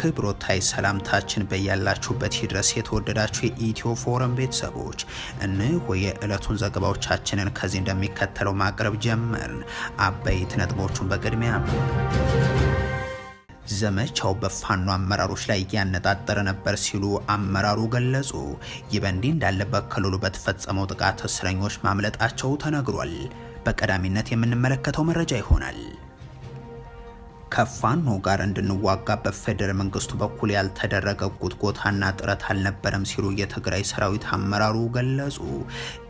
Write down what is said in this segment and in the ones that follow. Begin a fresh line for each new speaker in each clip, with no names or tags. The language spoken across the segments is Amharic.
አክብሮታይ ሰላምታችን በያላችሁበት ይድረስ። የተወደዳችሁ የኢትዮ ፎረም ቤተሰቦች እንሆ የዕለቱን ዘገባዎቻችንን ከዚህ እንደሚከተለው ማቅረብ ጀመርን። አበይት ነጥቦቹን በቅድሚያ ዘመቻው በፋኖ አመራሮች ላይ እያነጣጠረ ነበር ሲሉ አመራሩ ገለጹ። ይህ በእንዲህ እንዳለ በክልሉ በተፈጸመው ጥቃት እስረኞች ማምለጣቸው ተነግሯል። በቀዳሚነት የምንመለከተው መረጃ ይሆናል። ከፋኖ ጋር እንድንዋጋ በፌደራል መንግስቱ በኩል ያልተደረገ ጉትጎታና ጥረት አልነበረም ሲሉ የትግራይ ሰራዊት አመራሩ ገለጹ።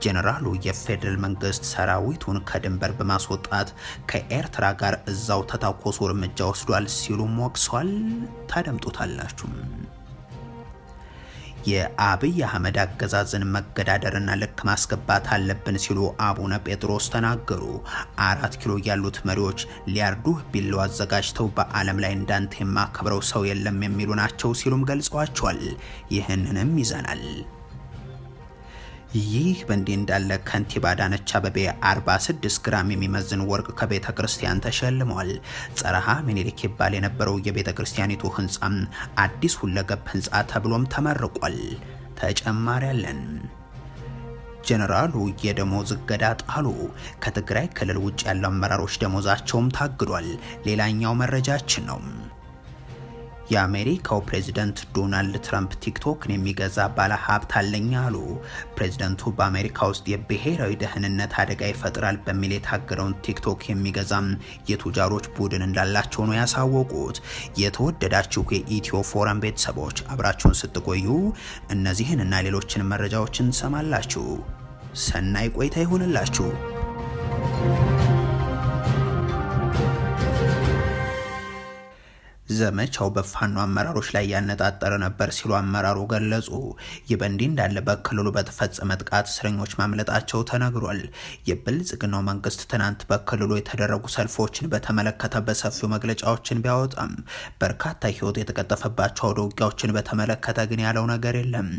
ጄኔራሉ የፌደራል መንግስት ሰራዊቱን ከድንበር በማስወጣት ከኤርትራ ጋር እዛው ተታኮሶ እርምጃ ወስዷል ሲሉም ወቅሰዋል። ታደምጡታላችሁ። የአብይ አህመድ አገዛዝን መገዳደርና ልክ ማስገባት አለብን ሲሉ አቡነ ጴጥሮስ ተናገሩ። አራት ኪሎ ያሉት መሪዎች ሊያርዱህ ቢለው አዘጋጅተው በዓለም ላይ እንዳንተ የማከብረው ሰው የለም የሚሉ ናቸው ሲሉም ገልጸዋቸዋል። ይህንንም ይዘናል። ይህ በእንዲህ እንዳለ ከንቲባ አዳነች አበቤ 46 ግራም የሚመዝን ወርቅ ከቤተ ክርስቲያን ተሸልመዋል። ጸረሃ ሚኒሊክ ይባል የነበረው የቤተ ክርስቲያኒቱ ህንፃም አዲስ ሁለገብ ህንፃ ተብሎም ተመርቋል። ተጨማሪ አለን። ጀነራሉ የደሞዝ እገዳ ጣሉ። ከትግራይ ክልል ውጭ ያለው አመራሮች ደሞዛቸውም ታግዷል። ሌላኛው መረጃችን ነው። የአሜሪካው ፕሬዚደንት ዶናልድ ትራምፕ ቲክቶክን የሚገዛ ባለ ሀብት አለኝ አሉ። ፕሬዚደንቱ በአሜሪካ ውስጥ የብሔራዊ ደህንነት አደጋ ይፈጥራል በሚል የታገደውን ቲክቶክ የሚገዛም የቱጃሮች ቡድን እንዳላቸው ነው ያሳወቁት። የተወደዳችሁ የኢትዮ ፎረም ቤተሰቦች አብራችሁን ስትቆዩ እነዚህን እና ሌሎችን መረጃዎችን ትሰማላችሁ ሰናይ ቆይታ ይሆንላችሁ። ዘመቻው በፋኖ አመራሮች ላይ ያነጣጠረ ነበር ሲሉ አመራሩ ገለጹ። ይህ በእንዲህ እንዳለ በክልሉ በተፈጸመ ጥቃት እስረኞች ማምለጣቸው ተነግሯል። የብልጽግናው መንግስት ትናንት በክልሉ የተደረጉ ሰልፎችን በተመለከተ በሰፊው መግለጫዎችን ቢያወጣም በርካታ ህይወት የተቀጠፈባቸው አውደ ውጊያዎችን በተመለከተ ግን ያለው ነገር የለም።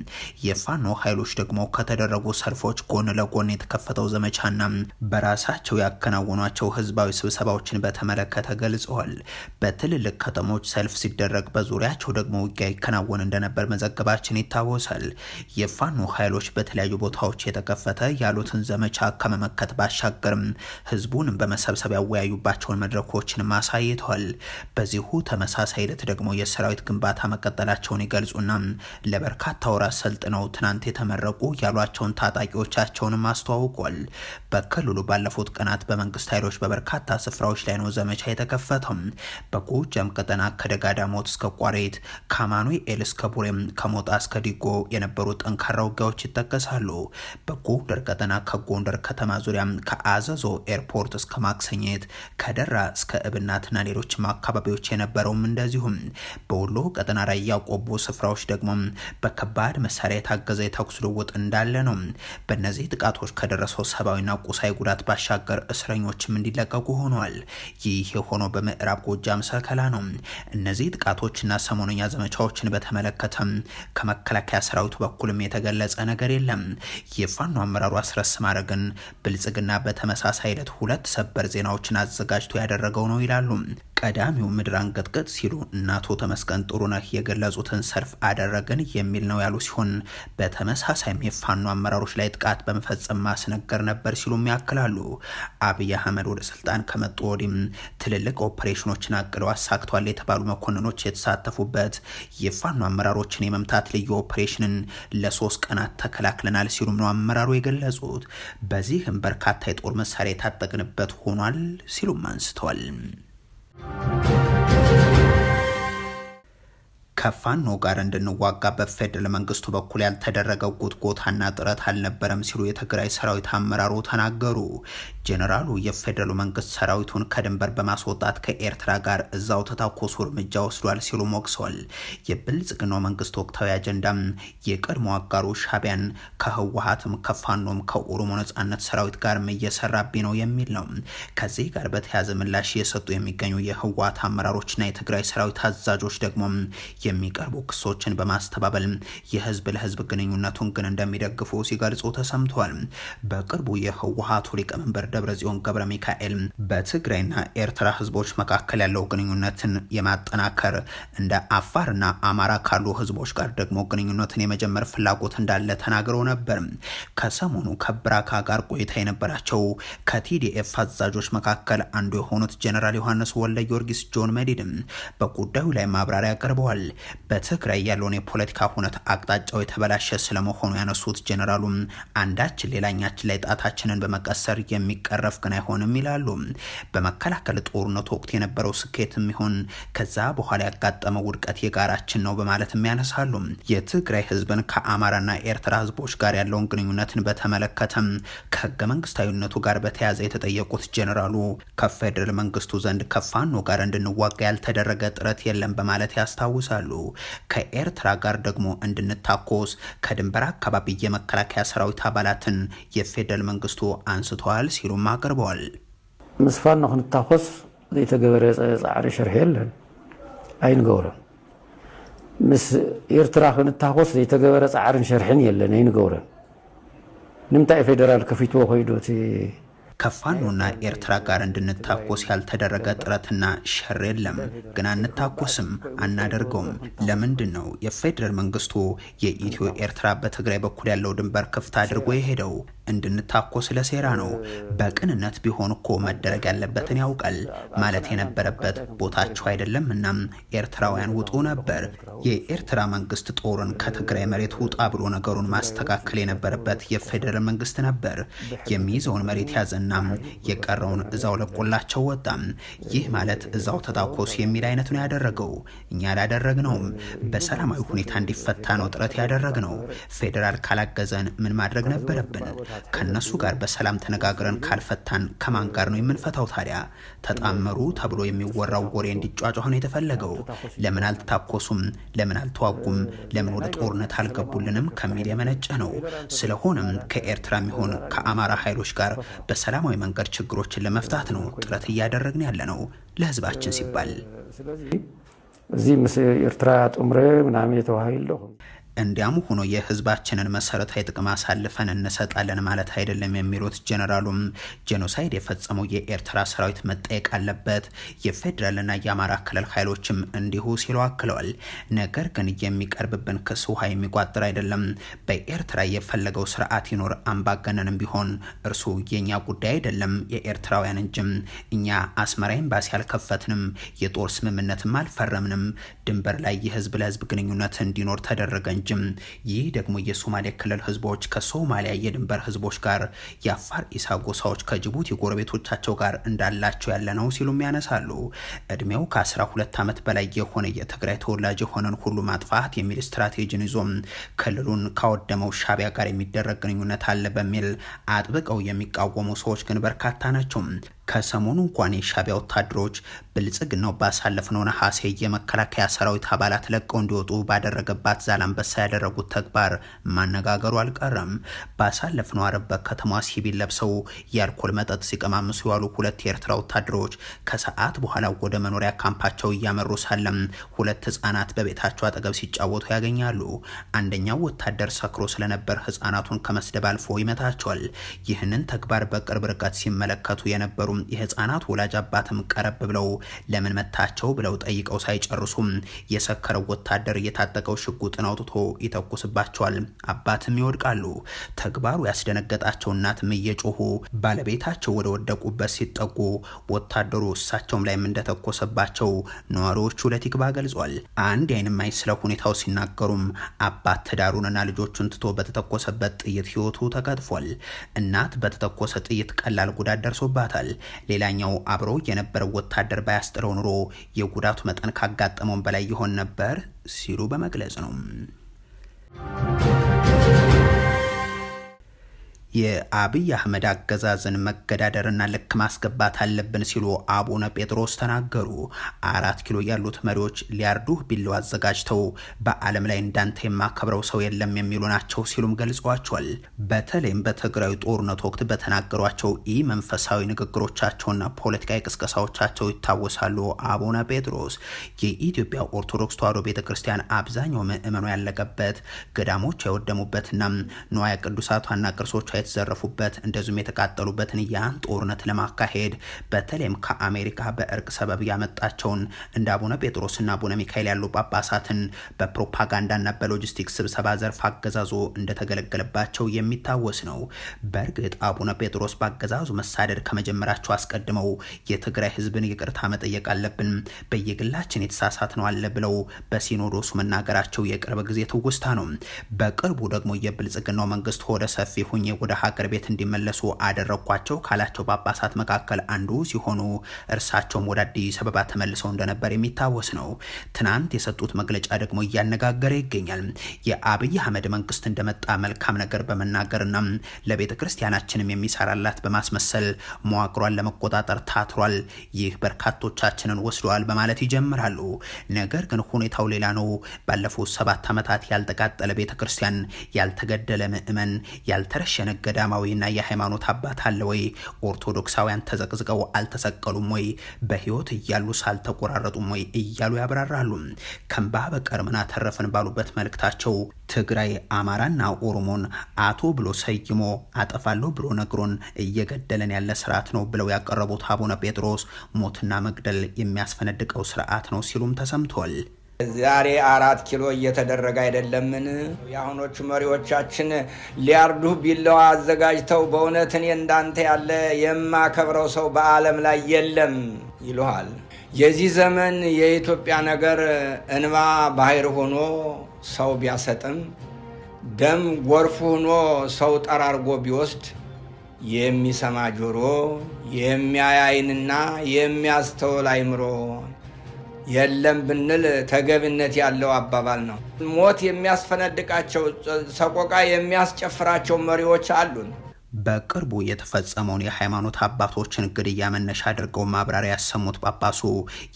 የፋኖ ኃይሎች ደግሞ ከተደረጉ ሰልፎች ጎን ለጎን የተከፈተው ዘመቻና በራሳቸው ያከናወኗቸው ህዝባዊ ስብሰባዎችን በተመለከተ ገልጸዋል። በትልልቅ ከተሞች ሰዎች ሰልፍ ሲደረግ በዙሪያቸው ደግሞ ውጊያ ይከናወን እንደነበር መዘገባችን ይታወሳል። የፋኖ ኃይሎች በተለያዩ ቦታዎች የተከፈተ ያሉትን ዘመቻ ከመመከት ባሻገርም ህዝቡንም በመሰብሰብ ያወያዩባቸውን መድረኮችን አሳይተዋል። በዚሁ ተመሳሳይ ሂደት ደግሞ የሰራዊት ግንባታ መቀጠላቸውን ይገልጹና ለበርካታ ወራት ሰልጥነው ትናንት የተመረቁ ያሏቸውን ታጣቂዎቻቸውንም አስተዋውቋል። በክልሉ ባለፉት ቀናት በመንግስት ኃይሎች በበርካታ ስፍራዎች ላይ ነው ዘመቻ የተከፈተው። በጎጃም ቀጠና ከደጋዳሞት እስከ ቋሪት፣ ከአማኑኤል እስከ ቡሬም፣ ከሞጣ እስከ ዲጎ የነበሩ ጠንካራ ውጊያዎች ይጠቀሳሉ። በጎንደር ቀጠና ከጎንደር ከተማ ዙሪያ ከአዘዞ ኤርፖርት እስከ ማክሰኘት፣ ከደራ እስከ እብናትና ሌሎችም አካባቢዎች የነበረውም እንደዚሁም። በወሎ ቀጠና ላይ ቆቦ ስፍራዎች ደግሞ በከባድ መሳሪያ የታገዘ የተኩስ ልውውጥ እንዳለ ነው። በእነዚህ ጥቃቶች ከደረሰው ሰብአዊና ቁሳዊ ጉዳት ባሻገር እስረኞችም እንዲለቀቁ ሆኗል። ይህ የሆነው በምዕራብ ጎጃም ሰከላ ነው። እነዚህ ጥቃቶችና ሰሞኑኛ ዘመቻዎችን በተመለከተም ከመከላከያ ሰራዊቱ በኩልም የተገለጸ ነገር የለም። የፋኖ አመራሩ አስረስ ማረ ግን ብልጽግና በተመሳሳይ ዕለት ሁለት ሰበር ዜናዎችን አዘጋጅቶ ያደረገው ነው ይላሉ። ቀዳሚው ምድር አንቀጥቀጥ ሲሉ እና አቶ ተመስገን ጥሩነህ የገለጹትን ሰልፍ አደረግን የሚል ነው ያሉ ሲሆን በተመሳሳይም የፋኖ አመራሮች ላይ ጥቃት በመፈጸም ማስነገር ነበር ሲሉም ያክላሉ። አብይ አህመድ ወደ ስልጣን ከመጡ ወዲህም ትልልቅ ኦፕሬሽኖችን አቅደው አሳክቷል የተባ የሚባሉ መኮንኖች የተሳተፉበት የፋኖ አመራሮችን የመምታት ልዩ ኦፕሬሽንን ለሶስት ቀናት ተከላክለናል ሲሉም ነው አመራሩ የገለጹት። በዚህም በርካታ የጦር መሳሪያ የታጠቅንበት ሆኗል ሲሉም አንስተዋል። ከፋኖ ጋር እንድንዋጋ በፌደራል መንግስቱ በኩል ያልተደረገው ጉትጎታና ጥረት አልነበረም ሲሉ የትግራይ ሰራዊት አመራሩ ተናገሩ። ጄኔራሉ የፌደራሉ መንግስት ሰራዊቱን ከድንበር በማስወጣት ከኤርትራ ጋር እዛው ተታኮሱ እርምጃ ወስዷል ሲሉ ሞግሰዋል። የብልጽግናው መንግስት ወቅታዊ አጀንዳም የቀድሞ አጋሩ ሻቢያን ከህወሀትም ከፋኖም ከኦሮሞ ነጻነት ሰራዊት ጋርም እየሰራብኝ ነው የሚል ነው። ከዚህ ጋር በተያያዘ ምላሽ እየሰጡ የሚገኙ የህወሀት አመራሮችና የትግራይ ሰራዊት አዛዦች ደግሞ የሚቀርቡ ክሶችን በማስተባበል የህዝብ ለህዝብ ግንኙነቱን ግን እንደሚደግፉ ሲገልጹ ተሰምተዋል። በቅርቡ የህወሀቱ ሊቀመንበር ደብረጽዮን ገብረ ሚካኤል በትግራይና ኤርትራ ህዝቦች መካከል ያለው ግንኙነትን የማጠናከር እንደ አፋርና አማራ ካሉ ህዝቦች ጋር ደግሞ ግንኙነትን የመጀመር ፍላጎት እንዳለ ተናግረው ነበር። ከሰሞኑ ከብራካ ጋር ቆይታ የነበራቸው ከቲዲኤፍ አዛዦች መካከል አንዱ የሆኑት ጀኔራል ዮሐንስ ወልደ ጊዮርጊስ ጆን መዲድም በጉዳዩ ላይ ማብራሪያ አቅርበዋል። በትግራይ ያለውን የፖለቲካ ሁነት አቅጣጫው የተበላሸ ስለመሆኑ ያነሱት ጀኔራሉም አንዳችን ሌላኛችን ላይ ጣታችንን በመቀሰር የሚቀረፍ ግን አይሆንም ይላሉ። በመከላከል ጦርነቱ ወቅት የነበረው ስኬትም ይሁን ከዛ በኋላ ያጋጠመው ውድቀት የጋራችን ነው በማለትም ያነሳሉ። የትግራይ ህዝብን ከአማራና ኤርትራ ህዝቦች ጋር ያለውን ግንኙነትን በተመለከተም ከህገ መንግስታዊነቱ ጋር በተያያዘ የተጠየቁት ጀኔራሉ ከፌዴራል መንግስቱ ዘንድ ከፋኖ ጋር እንድንዋጋ ያልተደረገ ጥረት የለም በማለት ያስታውሳሉ። ይላሉ። ከኤርትራ ጋር ደግሞ እንድንታኮስ ከድንበር አካባቢ የመከላከያ ሰራዊት አባላትን የፌደራል መንግስቱ አንስተዋል ሲሉም አቅርበዋል።
ምስ ፋኖ ክንታኮስ ዘይተገበረ ፃዕሪ ሽርሒ የለን አይንገብሮን ምስ ኤርትራ ክንታኮስ ዘይተገበረ ፃዕርን ሸርሕን የለን አይንገብሮን ንምንታይ ፌደራል ከፊትዎ ኮይዱ እቲ
ከፋኖና ኤርትራ ጋር እንድንታኮስ ያልተደረገ ጥረትና ሸር የለም። ግን አንታኮስም፣ አናደርገውም። ለምንድን ነው የፌዴራል መንግስቱ የኢትዮ ኤርትራ በትግራይ በኩል ያለው ድንበር ክፍት አድርጎ የሄደው? ስለ ለሴራ ነው። በቅንነት ቢሆን እኮ መደረግ ያለበትን ያውቃል ማለት የነበረበት ቦታቸው አይደለም። እናም ኤርትራውያን ውጡ ነበር። የኤርትራ መንግስት ጦርን ከትግራይ መሬት ውጣ ብሎ ነገሩን ማስተካከል የነበረበት የፌዴራል መንግስት ነበር። የሚይዘውን መሬት ያዘና የቀረውን እዛው ለቆላቸው ወጣም። ይህ ማለት እዛው ተታኮስ የሚል አይነት ነው ያደረገው። እኛ አላደረግነውም። በሰላማዊ ሁኔታ እንዲፈታ ነው ጥረት ያደረግነው። ፌዴራል ካላገዘን ምን ማድረግ ነበረብን? ከነሱ ጋር በሰላም ተነጋግረን ካልፈታን ከማን ጋር ነው የምንፈታው? ታዲያ ተጣመሩ ተብሎ የሚወራው ወሬ እንዲጫጫ ሆነ የተፈለገው። ለምን አልተታኮሱም? ለምን አልተዋጉም? ለምን ወደ ጦርነት አልገቡልንም? ከሚል የመነጨ ነው። ስለሆነም ከኤርትራ የሚሆን ከአማራ ኃይሎች ጋር በሰላማዊ መንገድ ችግሮችን ለመፍታት ነው ጥረት እያደረግን ያለ ነው ለህዝባችን ሲባል
እዚህ ኤርትራ ጡምረ ምናምን የተዋሃ የለሁም
እንዲያም ሆኖ የህዝባችንን መሰረታዊ ጥቅም አሳልፈን እንሰጣለን ማለት አይደለም የሚሉት ጀነራሉም ጄኖሳይድ የፈጸመው የኤርትራ ሰራዊት መጠየቅ አለበት፣ የፌዴራልና የአማራ ክልል ኃይሎችም እንዲሁ ሲሉ አክለዋል። ነገር ግን የሚቀርብብን ክስ ውሃ የሚቋጥር አይደለም። በኤርትራ የፈለገው ስርዓት ይኖር አምባገነንም ቢሆን እርሱ የእኛ ጉዳይ አይደለም የኤርትራውያን እንጅም። እኛ አስመራ ኤምባሲ አልከፈትንም፣ የጦር ስምምነትም አልፈረምንም። ድንበር ላይ የህዝብ ለህዝብ ግንኙነት እንዲኖር ተደረገ እንጂም። ይህ ደግሞ የሶማሊያ ክልል ህዝቦች ከሶማሊያ የድንበር ህዝቦች ጋር፣ የአፋር ኢሳ ጎሳዎች ከጅቡቲ ጎረቤቶቻቸው ጋር እንዳላቸው ያለ ነው ሲሉም ያነሳሉ። እድሜው ከ12 ዓመት በላይ የሆነ የትግራይ ተወላጅ የሆነን ሁሉ ማጥፋት የሚል ስትራቴጂን ይዞም ክልሉን ካወደመው ሻቢያ ጋር የሚደረግ ግንኙነት አለ በሚል አጥብቀው የሚቃወሙ ሰዎች ግን በርካታ ናቸው። ከሰሞኑ እንኳን የሻቢያ ወታደሮች ብልጽግናው ባሳለፍነው ነሐሴ የመከላከያ ሰራዊት አባላት ለቀው እንዲወጡ ባደረገባት ዛላንበሳ ያደረጉት ተግባር ማነጋገሩ አልቀረም። ባሳለፍነው አረብ በከተማዋ ሲቪል ለብሰው የአልኮል መጠጥ ሲቀማምሱ የዋሉ ሁለት የኤርትራ ወታደሮች ከሰዓት በኋላ ወደ መኖሪያ ካምፓቸው እያመሩ ሳለም ሁለት ህጻናት በቤታቸው አጠገብ ሲጫወቱ ያገኛሉ። አንደኛው ወታደር ሰክሮ ስለነበር ህጻናቱን ከመስደብ አልፎ ይመታቸዋል። ይህንን ተግባር በቅርብ ርቀት ሲመለከቱ የነበሩ። የህፃናት ወላጅ አባትም ቀረብ ብለው ለምን መታቸው ብለው ጠይቀው ሳይጨርሱም የሰከረው ወታደር እየታጠቀው ሽጉጥን አውጥቶ ይተኩስባቸዋል። አባትም ይወድቃሉ። ተግባሩ ያስደነገጣቸው እናትም እየጮሁ ባለቤታቸው ወደ ወደቁበት ሲጠጉ ወታደሩ እሳቸውም ላይም እንደተኮሰባቸው ነዋሪዎቹ ለቲክባ ገልጿል። አንድ አይን ማይ ስለ ሁኔታው ሲናገሩም አባት ትዳሩንና ልጆቹን ትቶ በተተኮሰበት ጥይት ህይወቱ ተቀጥፏል። እናት በተተኮሰ ጥይት ቀላል ጉዳት ደርሶባታል። ሌላኛው አብሮ የነበረው ወታደር ባያስጥለው ኑሮ የጉዳቱ መጠን ካጋጠመውን በላይ ይሆን ነበር ሲሉ በመግለጽ ነው። የአብይ አህመድ አገዛዝን መገዳደርና ልክ ማስገባት አለብን ሲሉ አቡነ ጴጥሮስ ተናገሩ። አራት ኪሎ ያሉት መሪዎች ሊያርዱህ ቢለው አዘጋጅተው በዓለም ላይ እንዳንተ የማከብረው ሰው የለም የሚሉ ናቸው ሲሉም ገልጿቸዋል። በተለይም በትግራዩ ጦርነት ወቅት በተናገሯቸው ኢ መንፈሳዊ ንግግሮቻቸውና ፖለቲካዊ ቅስቀሳዎቻቸው ይታወሳሉ። አቡነ ጴጥሮስ የኢትዮጵያ ኦርቶዶክስ ተዋሕዶ ቤተ ክርስቲያን አብዛኛው ምእመኑ ያለቀበት ገዳሞች የወደሙበትና ንዋየ ቅዱሳቷና ቅርሶቿ የተዘረፉበት እንደዚሁም የተቃጠሉበትን ያን ጦርነት ለማካሄድ በተለይም ከአሜሪካ በእርቅ ሰበብ ያመጣቸውን እንደ አቡነ ጴጥሮስና አቡነ ሚካኤል ያሉ ጳጳሳትን በፕሮፓጋንዳና በሎጂስቲክ ስብሰባ ዘርፍ አገዛዞ እንደተገለገለባቸው የሚታወስ ነው። በእርግጥ አቡነ ጴጥሮስ በአገዛዙ መሳደድ ከመጀመራቸው አስቀድመው የትግራይ ህዝብን ይቅርታ መጠየቅ አለብን፣ በየግላችን የተሳሳት ነው አለ ብለው በሲኖዶሱ መናገራቸው የቅርብ ጊዜ ትውስታ ነው። በቅርቡ ደግሞ የብልጽግናው መንግስት ሆደ ሰፊ ሁኜ ወደ ወደ ሀገር ቤት እንዲመለሱ አደረግኳቸው ካላቸው ጳጳሳት መካከል አንዱ ሲሆኑ እርሳቸውም ወደ አዲስ አበባ ተመልሰው እንደነበር የሚታወስ ነው። ትናንት የሰጡት መግለጫ ደግሞ እያነጋገረ ይገኛል። የአብይ አህመድ መንግስት እንደመጣ መልካም ነገር በመናገርና ለቤተ ክርስቲያናችንም የሚሰራላት በማስመሰል መዋቅሯን ለመቆጣጠር ታትሯል። ይህ በርካቶቻችንን ወስደዋል በማለት ይጀምራሉ። ነገር ግን ሁኔታው ሌላ ነው። ባለፉት ሰባት ዓመታት ያልተቃጠለ ቤተ ክርስቲያን፣ ያልተገደለ ምእመን፣ ያልተረሸነ ገዳማዊና የሃይማኖት አባት አለ ወይ? ኦርቶዶክሳውያን ተዘቅዝቀው አልተሰቀሉም ወይ? በህይወት እያሉ ሳልተቆራረጡም ወይ? እያሉ ያብራራሉ። ከንባ በቀር ምን አተረፍን ባሉበት መልእክታቸው ትግራይ አማራና ኦሮሞን አቶ ብሎ ሰይሞ አጠፋለሁ ብሎ ነግሮን እየገደለን ያለ ስርዓት ነው ብለው ያቀረቡት አቡነ ጴጥሮስ ሞትና መግደል የሚያስፈነድቀው ስርዓት ነው ሲሉም ተሰምቷል። ዛሬ አራት ኪሎ እየተደረገ አይደለምን? የአሁኖቹ መሪዎቻችን ሊያርዱ ቢላዋ አዘጋጅተው በእውነት እኔ እንዳንተ ያለ የማከብረው ሰው በዓለም ላይ የለም ይሉሃል። የዚህ ዘመን የኢትዮጵያ ነገር እንባ ባህር ሆኖ ሰው ቢያሰጥም፣ ደም ጎርፍ ሆኖ ሰው ጠራርጎ ቢወስድ የሚሰማ ጆሮ የሚያይ ዓይንና የሚያስተውል አይምሮ የለም ብንል ተገቢነት ያለው አባባል ነው። ሞት የሚያስፈነድቃቸው፣ ሰቆቃ የሚያስጨፍራቸው መሪዎች አሉን። በቅርቡ የተፈጸመውን የሃይማኖት አባቶችን ግድያ መነሻ አድርገው ማብራሪያ ያሰሙት ጳጳሱ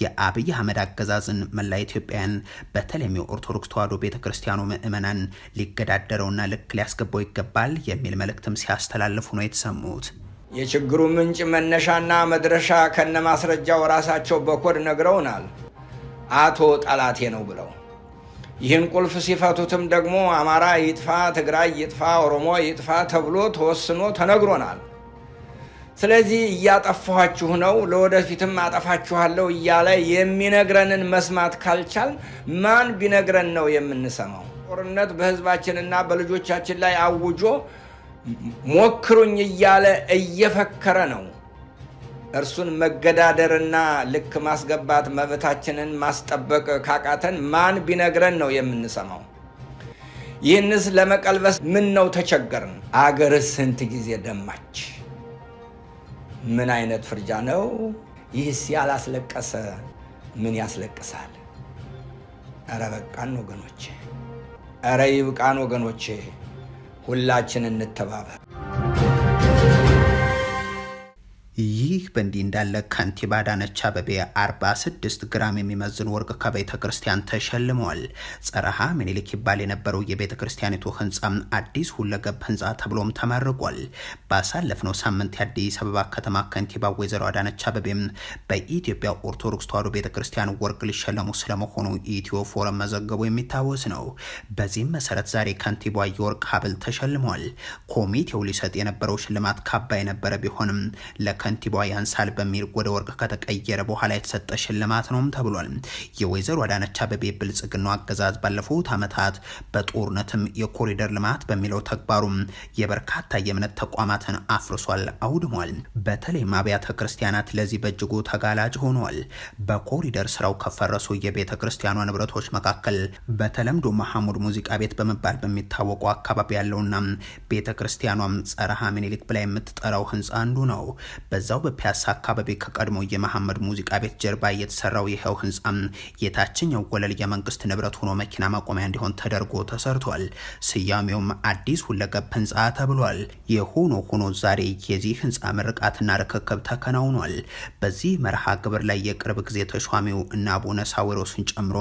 የአብይ አህመድ አገዛዝን መላ ኢትዮጵያን በተለይም የኦርቶዶክስ ተዋሕዶ ቤተ ክርስቲያኑ ምእመናን ሊገዳደረውና ልክ ሊያስገባው ይገባል የሚል መልእክትም ሲያስተላልፉ ነው የተሰሙት። የችግሩ ምንጭ መነሻና መድረሻ ከነማስረጃው ራሳቸው በኮድ ነግረውናል። አቶ ጠላቴ ነው ብለው ይህን ቁልፍ ሲፈቱትም ደግሞ አማራ ይጥፋ፣ ትግራይ ይጥፋ፣ ኦሮሞ ይጥፋ ተብሎ ተወስኖ ተነግሮናል። ስለዚህ እያጠፋኋችሁ ነው፣ ለወደፊትም አጠፋችኋለሁ እያለ የሚነግረንን መስማት ካልቻል ማን ቢነግረን ነው የምንሰማው? ጦርነት በህዝባችንና በልጆቻችን ላይ አውጆ ሞክሩኝ እያለ እየፈከረ ነው። እርሱን መገዳደርና ልክ ማስገባት መብታችንን ማስጠበቅ ካቃተን ማን ቢነግረን ነው የምንሰማው? ይህንስ ለመቀልበስ ምን ነው ተቸገርን? አገር ስንት ጊዜ ደማች? ምን አይነት ፍርጃ ነው? ይህስ ያላስለቀሰ ምን ያስለቅሳል? እረ በቃን ወገኖቼ፣ እረ ይብቃን ወገኖቼ፣ ሁላችን እንተባበር። ይህ በእንዲህ እንዳለ ከንቲባ አዳነች አበቤ 46 ግራም የሚመዝን ወርቅ ከቤተ ክርስቲያን ተሸልመዋል። ጸረሃ ምኒልክ ይባል የነበረው የቤተ ክርስቲያኒቱ ህንፃ አዲስ ሁለገብ ህንፃ ተብሎም ተመርቋል። ባሳለፍነው ሳምንት የአዲስ አበባ ከተማ ከንቲባ ወይዘሮ አዳነች አቤቤም በኢትዮጵያ ኦርቶዶክስ ተዋሕዶ ቤተ ክርስቲያን ወርቅ ሊሸለሙ ስለመሆኑ ኢትዮ ፎረም መዘገቡ የሚታወስ ነው። በዚህም መሰረት ዛሬ ከንቲባ የወርቅ ሀብል ተሸልመዋል። ኮሚቴው ሊሰጥ የነበረው ሽልማት ካባ የነበረ ቢሆንም ከንቲባ ያንሳል በሚል ወደ ወርቅ ከተቀየረ በኋላ የተሰጠ ሽልማት ነውም ተብሏል። የወይዘሮ አዳነች አበቤ ብልጽግና አገዛዝ ባለፉት ዓመታት በጦርነትም የኮሪደር ልማት በሚለው ተግባሩም የበርካታ የእምነት ተቋማትን አፍርሷል፣ አውድሟል። በተለይም አብያተ ክርስቲያናት ለዚህ በእጅጉ ተጋላጭ ሆኗል። በኮሪደር ስራው ከፈረሱ የቤተ ክርስቲያኗ ንብረቶች መካከል በተለምዶ መሐሙድ ሙዚቃ ቤት በመባል በሚታወቀው አካባቢ ያለውና ቤተ ክርስቲያኗም ጸረሃ ምኒልክ ብላ የምትጠራው ህንፃ አንዱ ነው። በዛው በፒያሳ አካባቢ ከቀድሞ የመሐመድ ሙዚቃ ቤት ጀርባ የተሰራው ይኸው ህንፃ የታችኛው ወለል የመንግስት ንብረት ሆኖ መኪና ማቆሚያ እንዲሆን ተደርጎ ተሰርቷል። ስያሜውም አዲስ ሁለገብ ህንፃ ተብሏል። የሆኖ ሆኖ ዛሬ የዚህ ህንፃ ምርቃትና ርክክብ ተከናውኗል። በዚህ መርሃ ግብር ላይ የቅርብ ጊዜ ተሿሚው እና አቡነ ሳዊሮስን ጨምሮ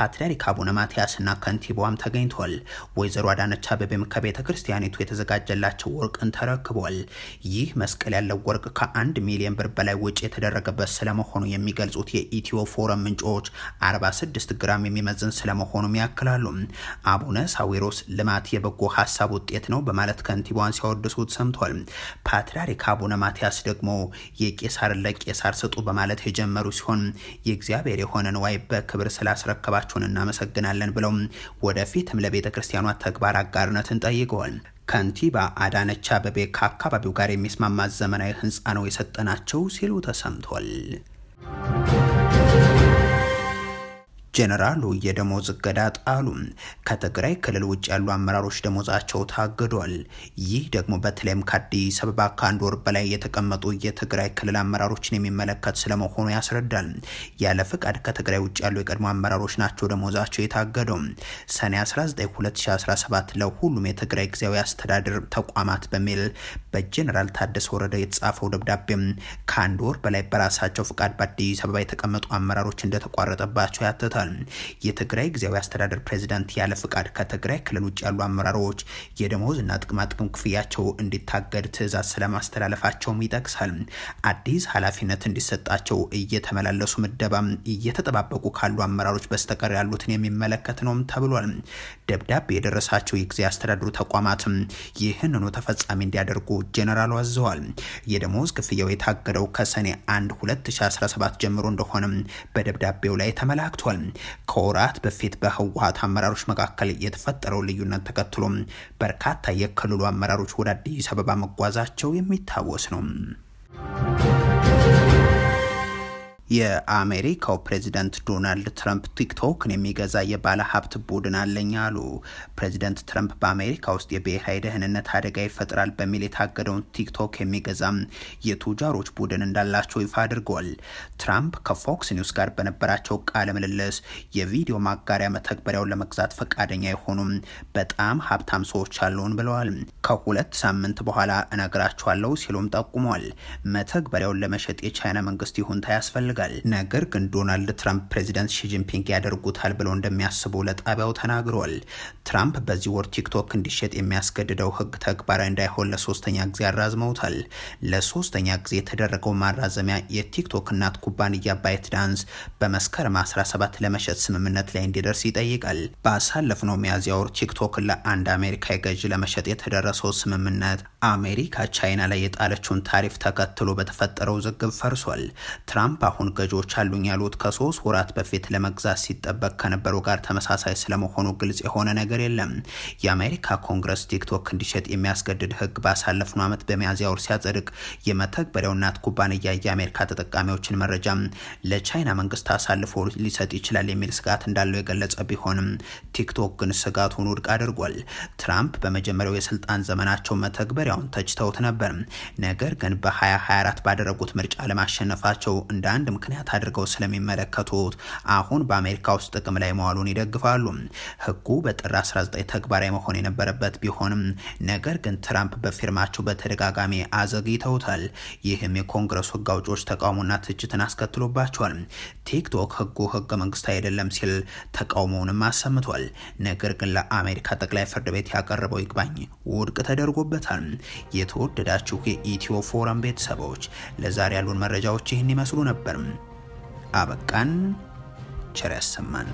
ፓትርያርክ አቡነ ማትያስና ከንቲባዋም ተገኝቷል። ወይዘሮ አዳነች አበቤም ከቤተ ክርስቲያኒቱ የተዘጋጀላቸው ወርቅን ተረክቧል። ይህ መስቀል ያለው ወርቅ ከ ከ41 ሚሊዮን ብር በላይ ወጪ የተደረገበት ስለመሆኑ የሚገልጹት የኢትዮ ፎረም ምንጮች 46 ግራም የሚመዝን ስለመሆኑም ያክላሉ። አቡነ ሳዊሮስ ልማት የበጎ ሀሳብ ውጤት ነው በማለት ከንቲባዋን ሲያወድሱት ሰምቷል። ፓትርያርክ አቡነ ማትያስ ደግሞ የቄሳር ለቄሳር ስጡ በማለት የጀመሩ ሲሆን የእግዚአብሔር የሆነ ንዋይ በክብር ስላስረከባቸውን እናመሰግናለን ብለው ወደፊትም ለቤተ ክርስቲያኗ ተግባር አጋርነትን ጠይቀዋል። ከንቲባ አዳነች አበቤ ከአካባቢው ጋር የሚስማማ ዘመናዊ ህንፃ ነው የሰጠናቸው ሲሉ ተሰምቷል። ጄኔራሉ የደሞዝ እገዳ ጣሉ። ከትግራይ ክልል ውጭ ያሉ አመራሮች ደሞዛቸው ታግዷል። ይህ ደግሞ በተለይም ከአዲስ አበባ ከአንድ ወር በላይ የተቀመጡ የትግራይ ክልል አመራሮችን የሚመለከት ስለመሆኑ ያስረዳል። ያለ ፍቃድ ከትግራይ ውጭ ያሉ የቀድሞ አመራሮች ናቸው ደሞዛቸው የታገደው። ሰኔ 19 2017 ለሁሉም የትግራይ ጊዜያዊ አስተዳደር ተቋማት በሚል በጄኔራል ታደሰ ወረደ የተጻፈው ደብዳቤም ከአንድ ወር በላይ በራሳቸው ፍቃድ በአዲስ አበባ የተቀመጡ አመራሮች እንደተቋረጠባቸው ያትታል። ተናግረዋል። የትግራይ ጊዜያዊ አስተዳደር ፕሬዚዳንት ያለ ፍቃድ ከትግራይ ክልል ውጭ ያሉ አመራሮች የደመወዝ እና ጥቅማጥቅም ክፍያቸው እንዲታገድ ትዕዛዝ ስለማስተላለፋቸውም ይጠቅሳል። አዲስ ኃላፊነት እንዲሰጣቸው እየተመላለሱ ምደባም እየተጠባበቁ ካሉ አመራሮች በስተቀር ያሉትን የሚመለከት ነውም ተብሏል። ደብዳቤ የደረሳቸው የጊዜ አስተዳደሩ ተቋማትም ይህንኑ ተፈጻሚ እንዲያደርጉ ጄኔራሉ አዘዋል። የደሞዝ ክፍያው የታገደው ከሰኔ 1 2017 ጀምሮ እንደሆነም በደብዳቤው ላይ ተመላክቷል። ከወራት በፊት በህወሀት አመራሮች መካከል የተፈጠረው ልዩነት ተከትሎም በርካታ የክልሉ አመራሮች ወደ አዲስ አበባ መጓዛቸው የሚታወስ ነው። የአሜሪካው ፕሬዚደንት ዶናልድ ትራምፕ ቲክቶክን የሚገዛ የባለ ሀብት ቡድን አለኝ አሉ። ፕሬዚደንት ትራምፕ በአሜሪካ ውስጥ የብሔራዊ ደህንነት አደጋ ይፈጥራል በሚል የታገደውን ቲክቶክ የሚገዛም የቱጃሮች ቡድን እንዳላቸው ይፋ አድርጓል። ትራምፕ ከፎክስ ኒውስ ጋር በነበራቸው ቃለ ምልልስ የቪዲዮ ማጋሪያ መተግበሪያውን ለመግዛት ፈቃደኛ የሆኑም በጣም ሀብታም ሰዎች አለውን ብለዋል። ከሁለት ሳምንት በኋላ እነግራቸዋለሁ ሲሉም ጠቁሟል። መተግበሪያውን ለመሸጥ የቻይና መንግስት ይሁንታ ያስፈልጋል ይፈልጋል። ነገር ግን ዶናልድ ትራምፕ ፕሬዚደንት ሺጂንፒንግ ያደርጉታል ብለው እንደሚያስቡ ለጣቢያው ተናግረዋል። ትራምፕ በዚህ ወር ቲክቶክ እንዲሸጥ የሚያስገድደው ህግ ተግባራዊ እንዳይሆን ለሶስተኛ ጊዜ አራዝመውታል። ለሶስተኛ ጊዜ የተደረገው ማራዘሚያ የቲክቶክ እናት ኩባንያ ባይት ዳንስ በመስከረም 17 ለመሸጥ ስምምነት ላይ እንዲደርስ ይጠይቃል። ባሳለፍነው ሚያዝያ ወር ቲክቶክን ለአንድ አሜሪካዊ ገዢ ለመሸጥ የተደረሰው ስምምነት አሜሪካ ቻይና ላይ የጣለችውን ታሪፍ ተከትሎ በተፈጠረው ዝግብ ፈርሷል። ትራምፕ አሁን የሚሆን ገዢዎች አሉኝ ያሉት ከሶስት ወራት በፊት ለመግዛት ሲጠበቅ ከነበረው ጋር ተመሳሳይ ስለመሆኑ ግልጽ የሆነ ነገር የለም። የአሜሪካ ኮንግረስ ቲክቶክ እንዲሸጥ የሚያስገድድ ህግ ባሳለፍነው ዓመት በሚያዝያ ወር ሲያጸድቅ የመተግበሪያው እናት ኩባንያ የአሜሪካ ተጠቃሚዎችን መረጃ ለቻይና መንግስት አሳልፎ ሊሰጥ ይችላል የሚል ስጋት እንዳለው የገለጸ ቢሆንም ቲክቶክ ግን ስጋቱን ውድቅ አድርጓል። ትራምፕ በመጀመሪያው የስልጣን ዘመናቸው መተግበሪያውን ተችተውት ነበር። ነገር ግን በ2024 ባደረጉት ምርጫ ለማሸነፋቸው እንደ አንድ ምክንያት አድርገው ስለሚመለከቱት አሁን በአሜሪካ ውስጥ ጥቅም ላይ መዋሉን ይደግፋሉ። ህጉ በጥር 19 ተግባራዊ መሆን የነበረበት ቢሆንም ነገር ግን ትራምፕ በፊርማቸው በተደጋጋሚ አዘግይተውታል። ይህም የኮንግረሱ ህግ አውጪዎች ተቃውሞና ትችትን አስከትሎባቸዋል። ቲክቶክ ህጉ ህገ መንግስት አይደለም ሲል ተቃውሞውንም አሰምቷል። ነገር ግን ለአሜሪካ ጠቅላይ ፍርድ ቤት ያቀረበው ይግባኝ ውድቅ ተደርጎበታል። የተወደዳችሁ የኢትዮ ፎረም ቤተሰቦች ለዛሬ ያሉን መረጃዎች ይህን ይመስሉ ነበር። አበቃን። ቸር ያሰማን።